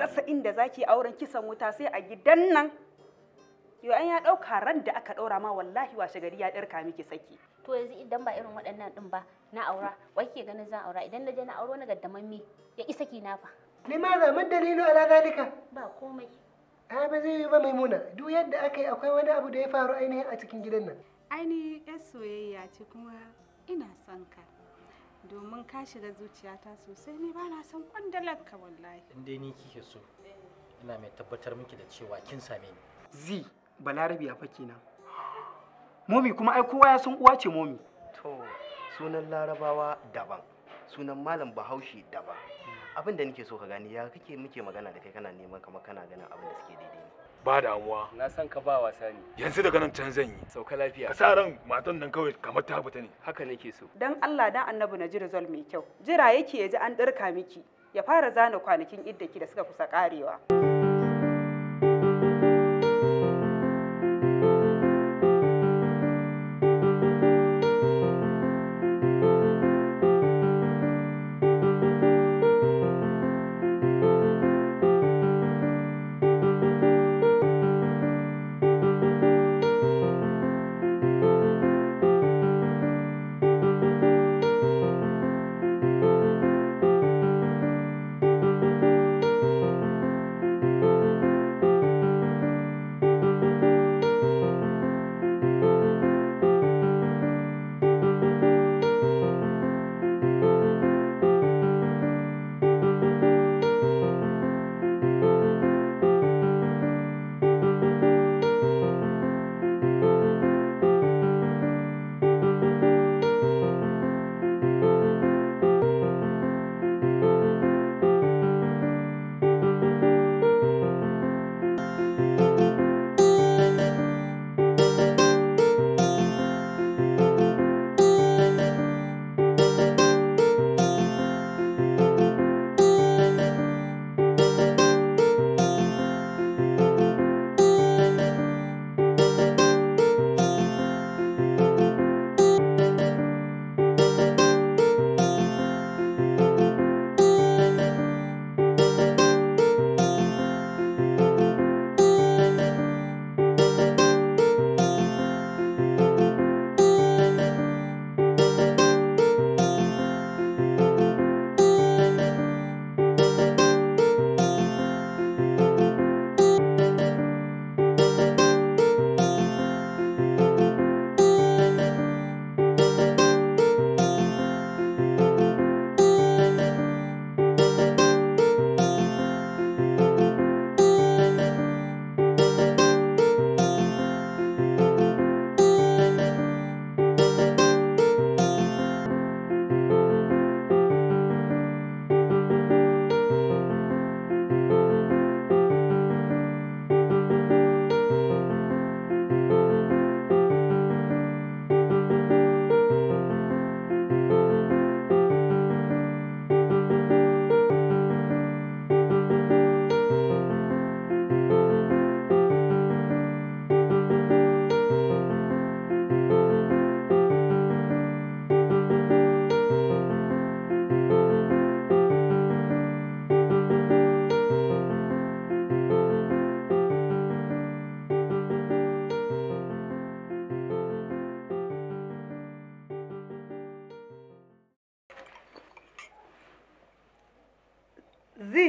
rasa inda zaki auren kisan wuta sai a gidan nan yo an ya ɗauka ran da aka daura ma wallahi washe gari ya ɗarka miki saki. To yanzu idan ba irin waɗannan ɗin ba na aura wai ke ganin zan aura idan na je na auro na gaddamamme ya isa saki na fa. Limaza mun dalilu ala zalika. Ba komai. A ba zai yi ba maimuna duk yadda aka yi akwai wani abu da ya faru ainihin a cikin gidan nan. Ainihin 'yar soyayya ce kuma ina son ka. domin ka shiga zuciyata sosai ne ba na son kwandalar ka wallahi in ni kike so ina mai tabbatar miki da cewa kin same ni zi balarabi a fake na momi kuma ai kowa ya san uwa ce momi to sunan larabawa daban sunan malam bahaushe daban abin da nake so ka gani ya kake muke magana da kai kana neman kamar kana ganin abin da suke daidai ne ba damuwa na san ka ba wasa ne yanzu daga nan can zan yi sauka lafiya ka sa ran matan nan kawai kamar ta fita ne haka nake so dan Allah dan annabi na ji result mai kyau jira yake ya ji an ɗarka miki ya fara zana kwanakin iddaki da suka kusa karewa.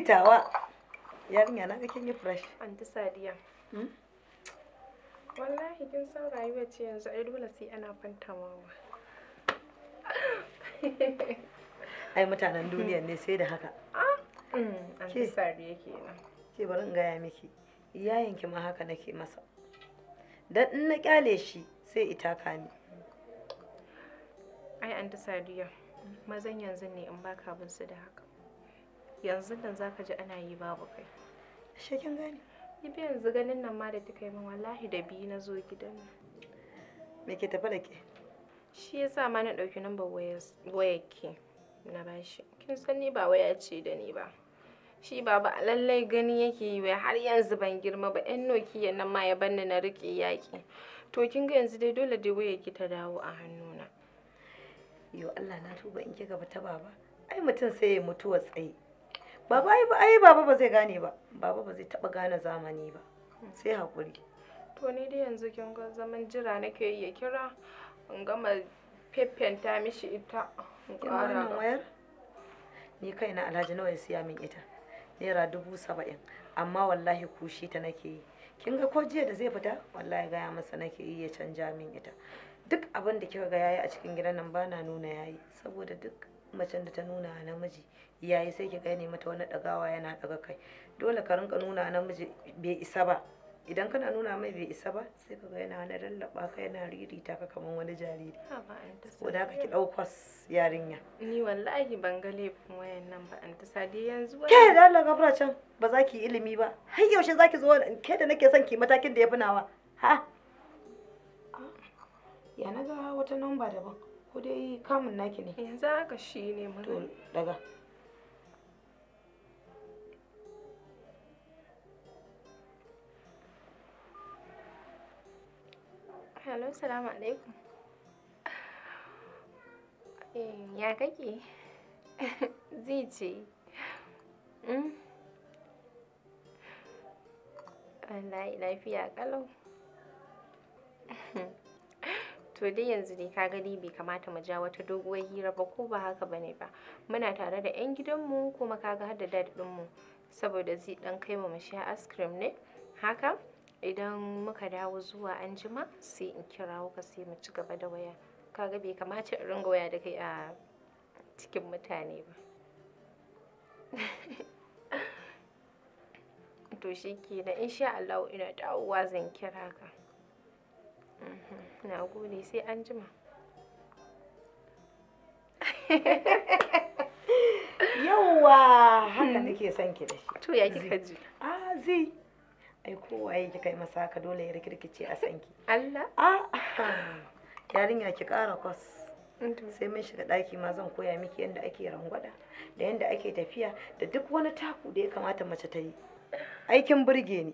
Ni tawa. Yarinya na kin yi fresh. Anti Sadiya. Hmm? Wallahi kin san rayuwar ce yanzu ai dole sai ana fantamawa. Ai mutanen duniyar ne sai da haka. Ah, mm, Anti Sadiya kenan. Ke bari in gaya miki. Iyayenki ma haka nake masa. Dan in na kyale shi sai itaka ni. Ai Anti Sadiya. Mazan yanzu ne in baka bin su da haka. yanzu nan zaka ji ana yi babu kai ashe kin gane bi yanzu ganin nan ma da kika yi min wallahi da biyu na zo gidan nan. Me ke tafi da ke? Shi ya ma na ɗauki number wayar ki na bashi. Kin san ni ba waya ce da ni ba. Shi baba a lallai gani yake yi wai har yanzu ban girma ba 'yan nokiya nan ma ya banna na rike yaki To kin ga yanzu dai dole dai waya ki ta dawo a hannuna. Yo Allah na tuba in kika ba ta baba. Ai mutum sai ya mutuwa tsaye. baba ai ai baba ba zai gane ba baba ba zai taba gane zamani ba sai hakuri to ni dai yanzu kin ga zaman jira nake yi ya kira in gama feffenta mishi ita in ƙara wayar ni kaina alhaji nawa ya siya min ita naira dubu saba'in amma wallahi kushi ta nake yi kin ga ko jiya da zai fita wallahi gaya masa nake yi ya canja min ita duk abin da kika ga yayi a cikin gidan nan bana nuna yayi saboda duk macen da ta nuna namiji yayi sai ki gane mata wani dagawa yana daga kai dole ka rinka nuna namiji bai isa ba idan kana nuna mai bai isa ba sai ka ga yana wani lallaba ka yana ririta ka kamar wani jariri wadda haka ki daukwas yarinya ni wallahi ban ga laifin wayannan ba an ta sadi yanzu ke da Allah gabra can ba za ki ilimi ba har yaushe za ki zo ke da nake son ki matakin da ya fi nawa ha ya na ga wata namba daban ko dai kamun naki ne yanzu haka shi ne to daga Hello, salamu alaikum. Eh, ya kake? Zai ce. Hmm? Wallahi lafiya kalau. to dai yanzu dai ka gani bai kamata mu ja wata doguwar hira ba ko ba haka bane ba muna tare da yan gidanmu kuma kaga har da dad mu saboda zai dan kai mu sha ice cream ne haka idan muka dawo zuwa anjima sai in kira ka sai mu ci gaba da waya kaga bai kamata in ringa waya da kai a cikin mutane ba to shi kenan insha Allah ina dawowa zan kira ka Mhm. na gode sai an jima yauwa haka mhm. nake son ki da shi to ya kika ji a zai ai kowa yake kai masa haka dole ya rikirkice a ki Allah a yarinya ki kara kwas sai mun shiga ɗaki ma zan koya miki yadda ake rangwada da yadda ake tafiya da duk wani taku da ya kamata mace ta yi aikin burge ni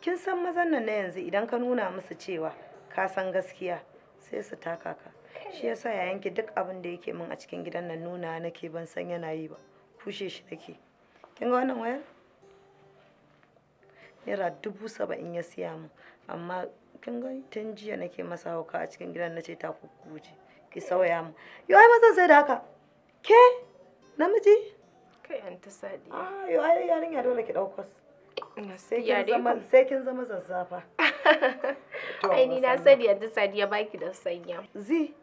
kin san mazan nan na yanzu idan ka nuna musu cewa ka san gaskiya sai su taka ka shi yasa ki duk abin da yake min a cikin gidan nan nuna nake ban san yana yi ba kushe shi nake kin ga wannan wayar naira dubu saba'in ya siya mu. amma kin ga tun jiya nake masa hauka a cikin gidan nace ta kukkuje ki sauya mu yo ai mazan sai da haka ke namiji kai an ta sadi ah yo ai yarinya dole ki dauko sai kin zama sai kin zama zazzafa ai ni na sani yanzu sadiya baki da sanya zi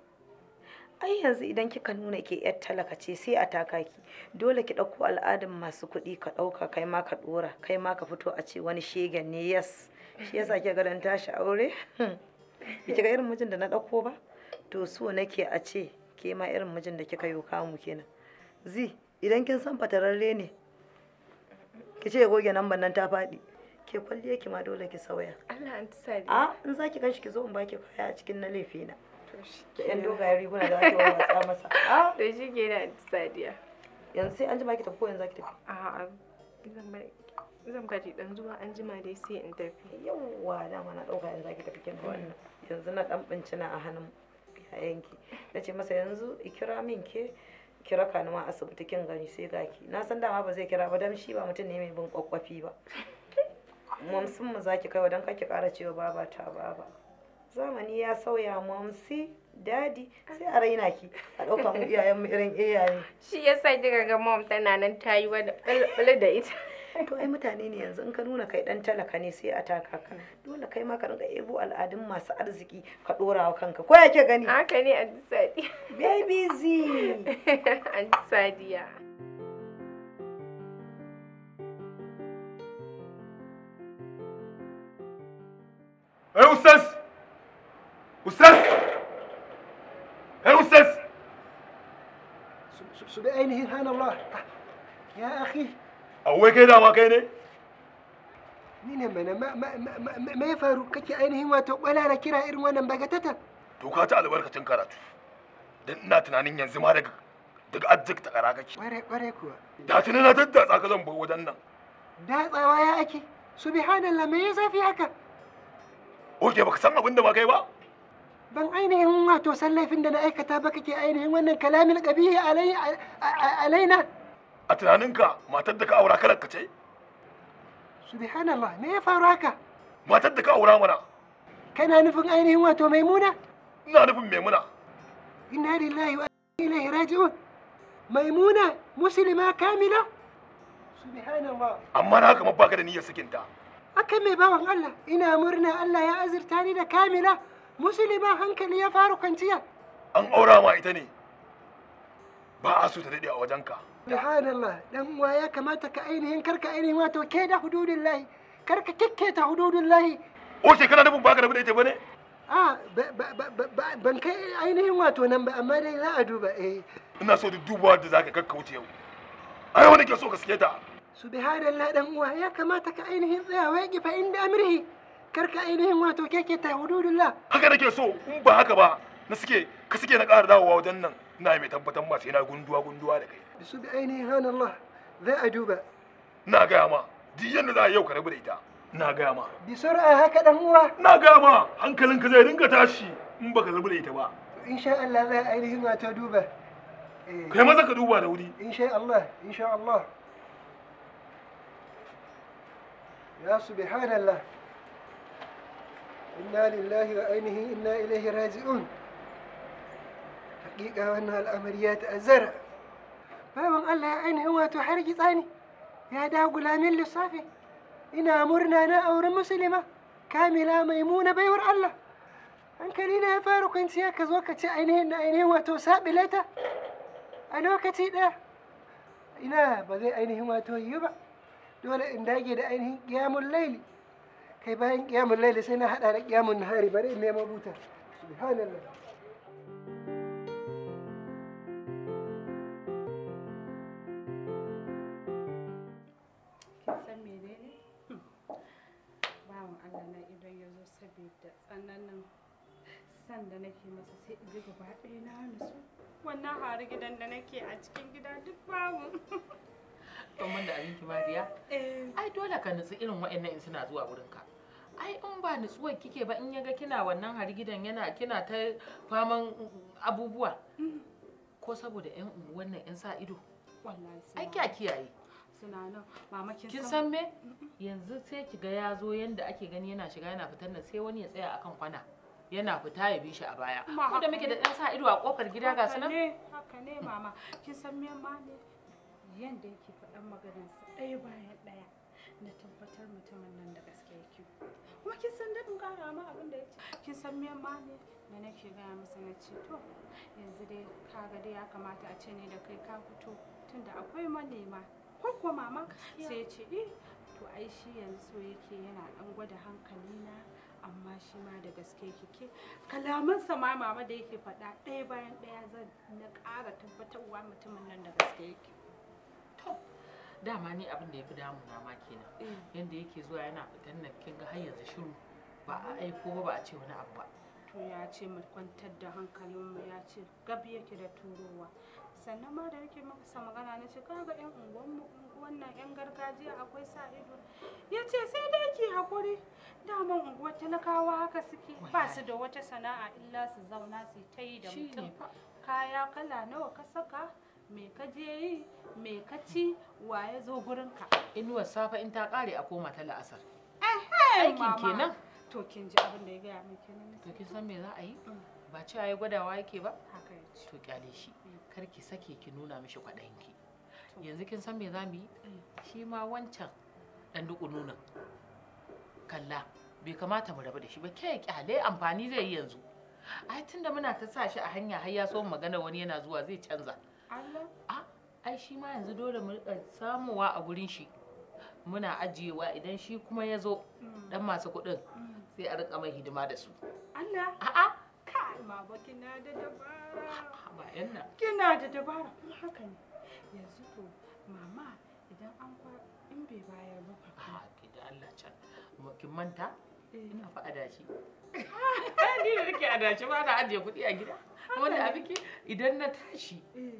ai yanzu idan kika nuna ke yar talaka ce sai a taka ki dole ki ɗauko al'adun masu kuɗi ka ɗauka kai ma ka ɗora kai ma ka fito a ce wani shegen ne yes shi yasa kika ganin tashi aure hmm. ki ga irin mijin da na ɗauko ba to so nake a ce ke ma irin mijin da kika yi kamu kenan zi idan kin san fatararre ne ki ce goge nan nan ta faɗi ke kwalli yake ma dole ki sauya Allah an tsari a in zaki ganshi ki zo in baki kwaya a cikin na lefe na da yan yari kuna da ake watsa masa a to shi ke na sadiya yanzu sai an jima ki tafi ko yanzu zaki tafi a zan bari dan zuwa an jima dai sai in tafi yawwa dama na dauka yanzu zaki tafi kin wannan yanzu na dan bincina a hannun yayanki nace masa yanzu ikira min ke kira ka ma asibiti kin gani sai gaki na san dama ba zai kira ba dan shi ba mutum ne mai bin kwakwafi ba mamsin mu zaki kaiwa don kake kara cewa baba ta baba zamani ya sauya mamsi dadi sai a raina ki a ɗaukar mu iyayen mu irin iyaye shi yasa kika ga mom tana nan ta yi wani da ita to ai mutane ne yanzu in ka nuna kai dan talaka ne sai a taka ka dole kai ma ka ringa ebo al'adun masu arziki ka dora kanka ko yake gani haka ne a sadiya baby z sadiya ايه استاذ استاذ ايه استاذ سوداء اين هي هان الله يا اخي هو كده مكان مين ما ما ما ما ما ما يفاركك اين هي ولا انا كده ارمان بغتته توكات على ورقه تنكرات دنا تنانين ينزما دغ دغ ادك تقراكك وري وري كو دا تنانا تدا تاكلن بو ودنا دا يا اخي سبحان الله ما يزا في اكل Oke baka san abin da ba kai ba? Ban ainihin wato san laifin da na aikata ba kake ainihin wannan kalamin ƙabihi alaina. A tunaninka matar da ka aura kalar ka ce? Subhanallah me ya faru haka? Matar da ka aura mana. Kana nufin ainihin wato maimuna? Ina nufin maimuna. Inna lillahi wa ilaihi raji'un. Maimuna muslima kamila? Subhanallah. Amma na haka ka da niyyar sakinta. akan mai bawan Allah ina murna Allah ya azirta ni da kamila musulma hankali ya faru kwanciya an aura ma ita ne ba a so ta daɗe a wajenka subhanallah dan uwa ya kamata ka ainihin karka ainihin wato ke da hududillahi karka kikketa hududillahi o kana nufin ba ka rabu da ita bane a ban kai ainihin wato nan ba amma dai za a duba eh ina so duk dubawa da zaka kakkauce yau ai wani ke so ka sike ta subhanallah dan uwa ya kamata ka ainihin tsayawa ya kifa inda amirhi kar ka ainihin wato keke ta hududullah haka nake so in ba haka ba na suke ka suke na ƙara dawowa wajen nan ina mai tabbatar ba sai na gunduwa gunduwa da kai su bi ainihin hanallah za a duba na gaya ma duk yanda za a yau ka rabu da ita na gaya ma bi sur'a haka dan uwa na gaya ma hankalinka zai dinga tashi in baka rabu da ita ba In sha Allah za a ainihin wato duba eh. kai maza ka duba da wuri insha Allah insha Allah ya subhanallah inna lillahi wa ainihi inna ilaihi raji'un hakika wannan al'amari ya ta'azzara bawan Allah ya ainihin wato har ne ya dagula min lissafi ina murna na auren musulma kamila maimuna baiwar Allah hankali na ya fara kwanciya ka zo ka ci ainihin na ainihin wato sabilata a lokaci ɗaya ina ba zai ainihin wato yi ba dole in dage da ainihin kiyamun laili kai bayan kiyamun laili sai na haɗa da kiyamun nahari bari in nemo buta subhanallah da nake masa sai in gaba ɗaya na wannan hari gidan da nake a cikin gida duk babu don da abinki mariya eh. ai dole ka nutsu irin waɗannan in suna zuwa wurin ka ai in ba nutsuwar kike ba in yaga kina wannan hargidan yana kina ta faman abubuwa mm-hmm. ko saboda yan wannan yan sa ido ai kya kiyaye kin san me yanzu sai ki ga ya zo yanda ake gani yana shiga yana fitar nan sai wani ya tsaya akan kwana yana fita ya bi shi a baya ko da muke da ɗan sa ido a kofar gida ga su nan haka ne mama kin san me ma ne Yanda yake faɗan maganarsa ɗaya bayan ɗaya na tabbatar mutumin nan da gaske yake kuma kin san in ƙara ma abin da ya kin san me ma ne da nake gaya masa na ce to yanzu dai kaga dai ya kamata a ce ne da kai ka fito tunda akwai manema ko ko mama sai ya ce eh to ai shi yanzu yake yana ɗan gwada hankali na amma shi ma da gaske kike kalamansa ma mama da yake faɗa ɗaya bayan ɗaya zan na ƙara tabbatarwa mutumin nan da gaske yake dama ni abin da ya fi damuna ma kenan eh. yadda yake zuwa yana fitan nan kin ga har yanzu shiru ba a aiko ba ba a ce wani abu ba to ya ce mu kwantar da mu ya ce gab yake da turowa sannan ma da yake maka sa magana na ce kaga yan unguwan unguwan wannan yan gargajiya akwai sa ido ya ce sai dai ki hakuri dama unguwar talakawa haka suke ba su da wata sana'a illa su zauna su ta yi da mutum kaya kala nawa ka saka me ka je yi me ka ci wa ya zo gurinka inuwar safa in ta kare a koma ta la'asar aikin kenan to kin ji abin da ya gaya min kenan to kin san me za a yi mm. ba ci ya gwadawa yake ba to kyale shi mm. kar ki sake ki nuna mishi ki. yanzu kin san me za mu yi mm. shi ma wancan dan duku nuna. kalla bai kamata mu rabu da shi ba ke kyale amfani zai yi yanzu ai tunda muna ta sa shi a hanya har ya so magana wani yana zuwa zai canza Allah? ai shi ma yanzu dole mu rika samuwa a gurin shi. Muna ajiyewa idan shi kuma ya zo mm. dan masu kuɗin mm. sai a rika mai hidima da su. Allah? A'a. Kai baba kina da dabara. Ba yan Kina da dabara. Haka ne. Yanzu to mama idan an kwa in bai bayar ba. A ki da Allah can. Kin manta? Eh. Ina fa adashi. Ni da nake adashi ba na ajiye kuɗi a gida. Wanda a biki idan na tashi. Eh.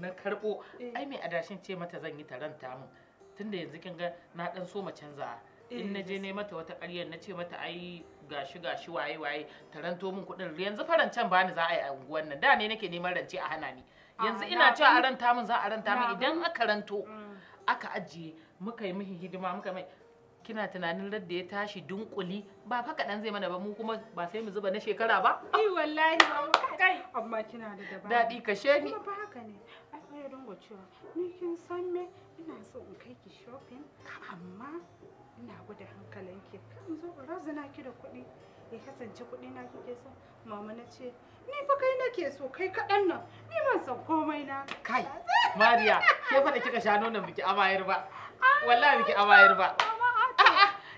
na karbo eh. ai mai adashin ce mata zan yi taron tamun tunda yanzu kin ga na dan so canza eh, in na je ne mata wata ƙaryar na ce mata ai gashi gashi waye waye to min kuɗin yanzu farancan ba ni za a yi a unguwan nan da ne nake neman rance a hana ni ah, yanzu ina cewa a ranta min za a ranta min idan aka ranto mm. aka ajiye muka yi mihi hidima muka mai kina tunanin radda ya tashi dunkuli ba fa kaɗan zai mana ba mu kuma ba sai mu zuba na shekara ba. Ai eh, wallahi ba kai amma kina da dabara. Daɗi kashe ni. ya dinga cewa ni kin san me ina so in kai ki shopping amma ina gwada ki kan zo razana ki da kuɗi ya kasance kuɗi na kike so mama na ce ni fa kai nake so kai kaɗan nan ni ban san komai na kai mariya ke fa da kika sha nonon biki amayar ba wallahi biki amayar ba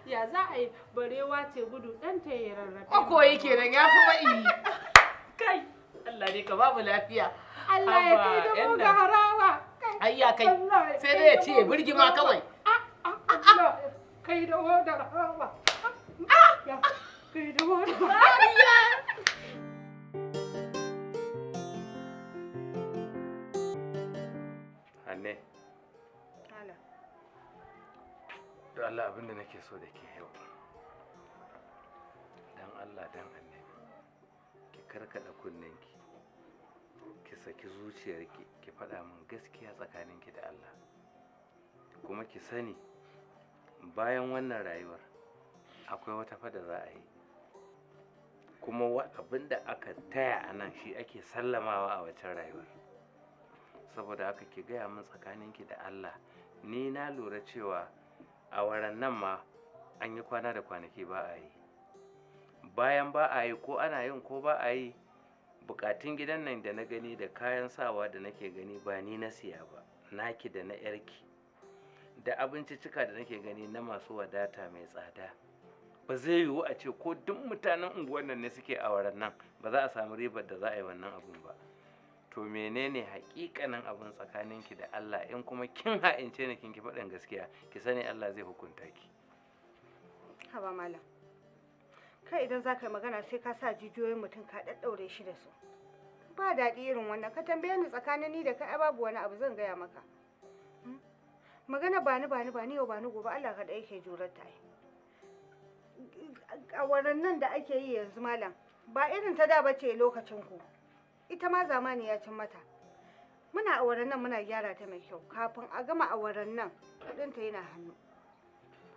ya za a yi barewa ce gudu ɗan ta yi rarrafe ko yake nan ya fi ba'i kai Allah ne ka babu lafiya Allah ya kai da mu ga harawa ai ah! ya ah! kai sai dai ya ce kawai kai da ah! harawa kai da Hanne. Don Allah abinda nake so da ke yau. Dan Allah dan Annabi. Ki karkada kunnenki. ki saki zuciyarki ki faɗa min gaskiya tsakaninki da Allah kuma ki sani bayan wannan rayuwar akwai wata fada za a yi kuma abin da aka taya a nan shi ake sallamawa a waccan rayuwar saboda haka ki gaya min tsakaninki da Allah ni na lura cewa a waran nan ma an yi kwana da kwanaki ba a yi bayan ba a yi ko ana yin ko ba a yi bukatun gidan nan da na gani da kayan sawa da nake gani ba ni na siya ba naki da na yarki da abinci cika da nake gani na masu wadata mai tsada ba zai yiwu a ce ko duk mutanen unguwar nan ne suke auren nan ba za a samu ribar da za a yi wannan abun ba to menene hakikanin abin ki da Allah in kuma kin ha'ince ni kin ki faɗin gaskiya ki sani Allah zai hukunta ki haba malam kai idan za ka yi magana sai ka sa jijiyoyin mutum ka ɗaɗɗaure shi da su ba daɗi irin wannan ka tambaye ni tsakanin ni da kai babu wani abu zan gaya maka hmm? magana ba ni ba ni ba ni yau ba ni gobe Allah kaɗai yake jurar ta yi a nan da ake yi yanzu malam ba irin ta da bace lokacin ku ita ma zamani ya cin mata muna a nan muna gyara ta mai kyau kafin a gama a nan kuɗinta yana hannu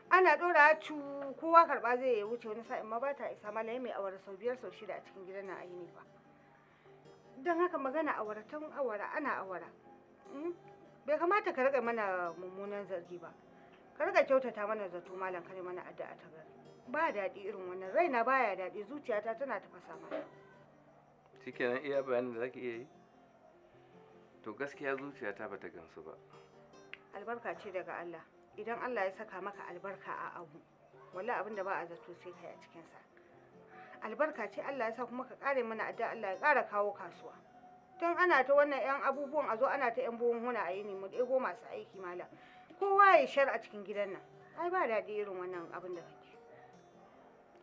ana dora cu kowa karba zai wuce wani sa'in ma ba ta isa ma mai awara sau biyar sau shida a cikin gidan nan ne fa don haka magana awara tun awara ana awara hmm? bai kamata ka riga mana mummunan zargi ba ka riga kyautata mana zato malam kare mana addu'a ta gari ba daɗi irin wannan raina baya daɗi zuciyata tana tafasa mana shikenan iya bayanin da zaki iya yi to gaskiya zuciyata ba ta gamsu ba albarka ce daga Allah idan Allah ya saka maka albarka a abu wala abin da ba a zato sai kai a cikinsa albarka ce Allah ya sa kuma ka kare mana adda Allah ya kara kawo kasuwa tun ana ta wannan yan abubuwan a zo ana ta yan buhun huna a yi mu ɗego masu aiki malam kowa ya shar a cikin gidan nan ai ba daɗi irin wannan abin da kake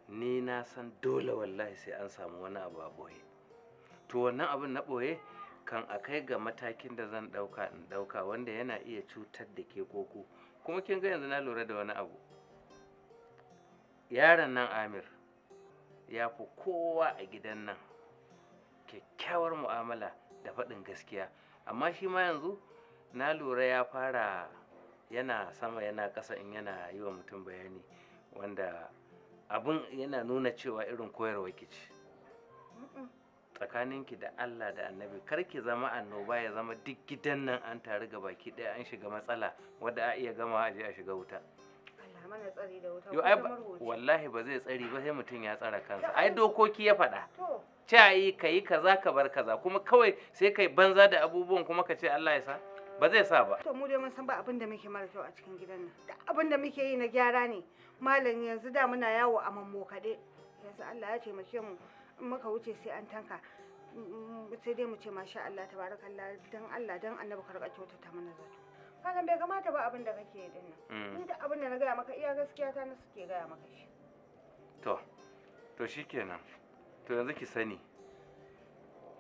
ni na san dole wallahi sai an samu wani abu a boye to wannan abin na boye kan a kai ga matakin da zan ɗauka in ɗauka wanda yana iya cutar da ke koko kuma kin ga yanzu na lura da wani abu yaron nan amir ya fi kowa a gidan nan kyakkyawar mu'amala da faɗin gaskiya amma shi ma yanzu na lura ya fara yana sama yana ƙasa in yana yi wa mutum bayani wanda abin yana nuna cewa irin koyarwa ke ce. tsakaninki da Allah da annabi kar ki zama annoba ya zama duk gidan nan an taru ga baki ɗaya an shiga matsala wadda a iya gama a a shiga wuta yo ai wallahi ba zai tsari ba sai mutum ya tsara kansa ai dokoki ya faɗa ce yi ka yi kaza ka bar kaza kuma kawai sai kai banza da abubuwan kuma ka ce Allah ya sa ba zai sa ba to mu dai mun san ba abin da muke mara kyau a cikin gidan nan da abin da muke yi na gyara ne malam yanzu da muna yawo a mammo kaɗe yanzu Allah ya taimake mu muka wuce sai an tanka mm, sai dai mu ce masha Allah tabarakallah dan Allah dan annabi karka ta mana zato kagan bai kamata ba abin da kake yi din nan mm. ni da abin da na gaya maka iya gaskiya ta na suke gaya maka shi to to shikenan to yanzu ki sani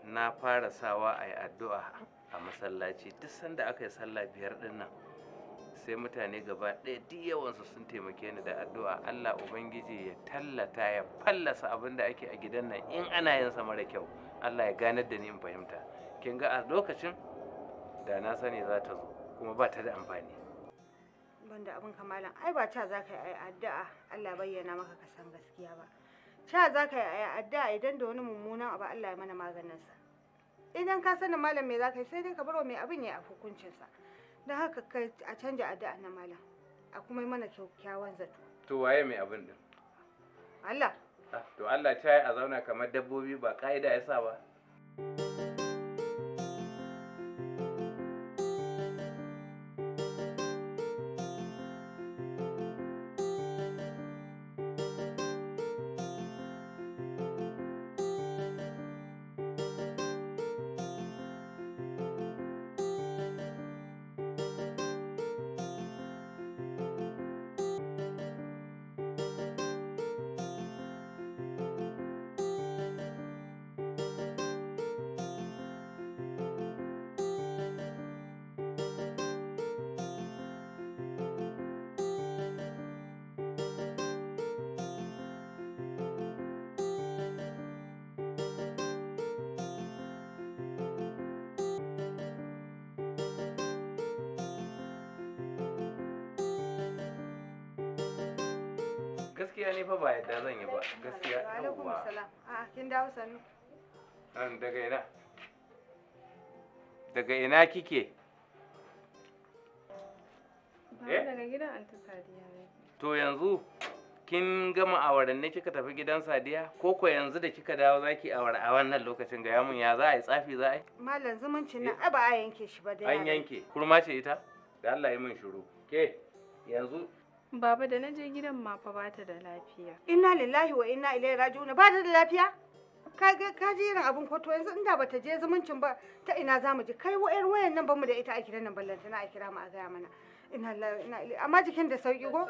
na fara sawa a yi addu'a a masallaci duk sanda aka yi sallah biyar din nan sai mutane gaba ɗaya duk yawansu sun taimake ni da addu'a Allah Ubangiji ya tallata ya fallasa abin da ake a gidan nan in ana yin sa mara kyau Allah ya ganar da ni in fahimta kin ga a lokacin da na sani za ta zo kuma ba ta da amfani banda abin kamalan ai ba ta za ka yi addu'a Allah bayyana maka ka san gaskiya ba ta za ka yi addu'a idan da wani mummunan abu Allah ya mana sa idan ka sani malam me za ka yi sai dai ka bar wa mai abin ya a hukuncinsa dan haka kai a canja addu'a na malam a kuma yi mana kyakkyawan zato to waye mai abin din Allah ah, to Allah ta yi a zauna kamar dabbobi ba ka'ida ya sa ba gaskiya ne fa ba yadda zan yi ba gaskiya yauwa a kin dawo sannu an daga ina daga ina kike ba eh? daga gidan anta sadiya to yanzu kin gama ne kika tafi gidan sadiya ko ko yanzu da kika dawo zaki awar a wannan lokacin ga yamun ya za a yi tsafi za a yi mallam zumuncin nan eh. ba a yanke shi ba dai an yanke kurma ce ita da Allah yi mun shiru ke yanzu Baba da na je gidan ma fa bata da lafiya. Inna lillahi wa inna ilaihi raji'un. Ba ta da lafiya? Ka ga ka ji irin abin kwato yanzu inda bata je zumuncin ba ta ina zamu je. kai wayar wayan nan bamu da ita a gidan nan ballanta na a kira mu a gaya mana. Inna lillahi inna ilaihi amma jikin da sauki go?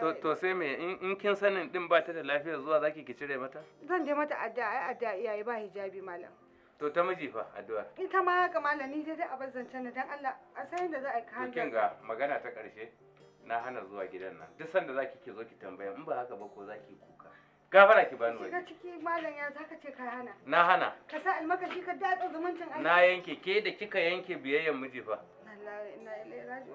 To to sai me in kin sanin din ba ta da lafiya zuwa zaki ki cire mata? Zan je mata addu'a ai addu'a iyaye ba hijabi malam. To ta miji fa addu'a. Ita ma ga malam ni dai da abin zancen dan Allah a san da za a yi kan. Kin ga magana ta ƙarshe. na hana zuwa gidan nan duk sanda zaki ke zo ki tambaya in ba haka ba ko zaki kuka gafara ki bani waje ciki malam ya zaka ce ka hana na hana ka sa almakashi ka datsa zumuncin aiki na yanke ke da kika yanke biyayyan miji fa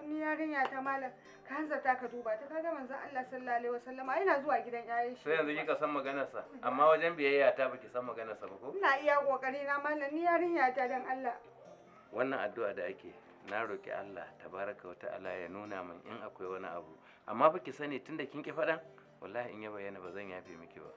ni yarinya ta malam ka hanzarta ka duba ta kaga manzon Allah sallallahu alaihi wasallam ai na zuwa gidan yayin shi sai yanzu kika san maganar sa amma wajen biyayya ta baki san maganar sa ba ko ina iya kokari na malam ni yarinya ta dan Allah wannan addu'a da ake na roƙi Allah tabaraka wa ta'ala ya nuna min in akwai wani abu amma fa ki sani tunda kin ki faɗa wallahi in ya bayyana ba zan yafe miki ba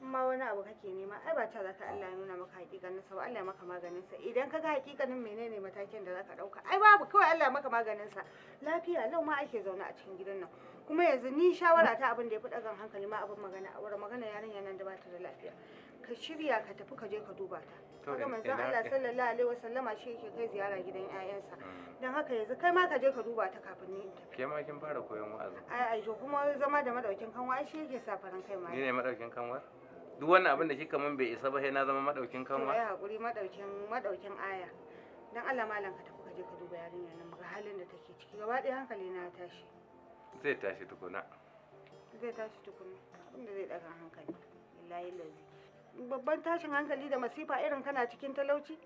amma wani abu kake nema ai ba ta zaka Allah ya nuna maka hakikanin sa ba Allah ya maka maganin sa idan kaga hakikanin menene matakin da zaka dauka ai babu kawai Allah ya maka maganin sa lafiya lau ma ake zaune a cikin gidan nan kuma yanzu ni shawara ta abin da ya fi dagan hankali ma abin magana a wurin magana yarinya nan da ba ta da lafiya ka shirya ka tafi ka je ka duba ta kaga manzon Allah sallallahu alaihi wasallama shi yake kai ziyara gidan ƴaƴansa hmm. dan haka yanzu kai ma ka je ka duba ta kafin ni tafi ke ma kin fara koyon wa'azi ai ai to kuma zama da madaukin kanwa ai shi yake safaran kai ma ni ne madaukin kanwa duk wannan abin da kika min bai isa ba sai na zama madaukin kanwa ai hakuri madaukin madaukin aya dan Allah malam ka tafi ka je ka duba yarinyar nan ga halin da take ciki gaba ɗaya hankali na tashi zai tashi tukuna zai tashi tukuna abin da zai daga hankali wallahi lazi babban tashin hankali da masifa irin kana cikin talauci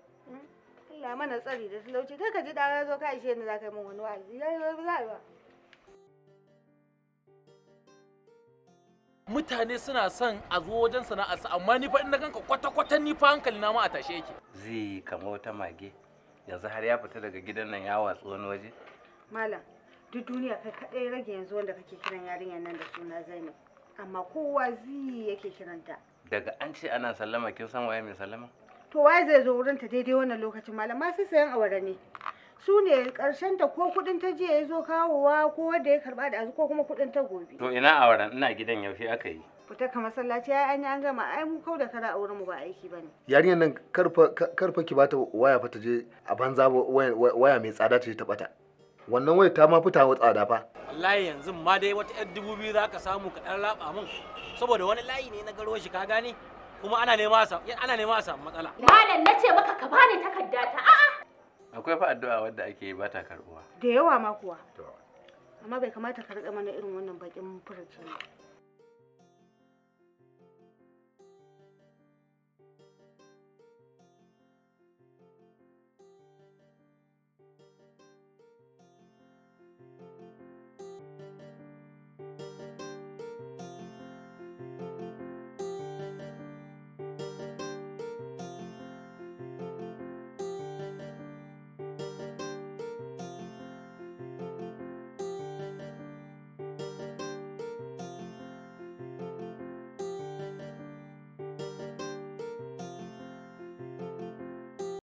Allah mana tsari da talauci kai ka ji da zo ka ishe ni za ka yi min wani wa'azi za a yi ba mutane suna son a zo wajen sana'arsa amma ni fa in na ganka kwata-kwata ni fa hankali na ma a tashe yake zai kama wata mage yanzu har ya fita daga gidan nan ya watsu wani waje malam duk duniya kai kadai rage yanzu wanda kake kiran yarinyar nan da suna Zainab amma kowa zai yake kiranta daga an ce ana sallama kin san waye mai sallama to waye zai zo wurinta daidai wannan lokacin malama su sayan awara ne su ne karshen ta ko kudin ta jiya ya zo kawowa ko wanda ya karba da azu ko kuma kudin ta gobe to ina awaran ina gidan yaushe aka yi fita ka masallaci ai an an gama ai mu kau da kara auren mu ba aiki bane yarinyar nan karfa karfa ki bata waya fa ta je a banza waya mai tsada ce ta bata wannan wai ta ma fita wa tsada fa wallahi yanzu ma dai wata yar dubu biyu za ka samu ka dan raba mun saboda wani layi ne na garo shi ka gani kuma ana nema sa ana nema sa matsala malam nace maka ka bani takarda ta a'a akwai fa addu'a wadda ake yi ba ta karbuwa da yawa ma kuwa amma bai kamata ka riƙa mana irin wannan bakin furuci ba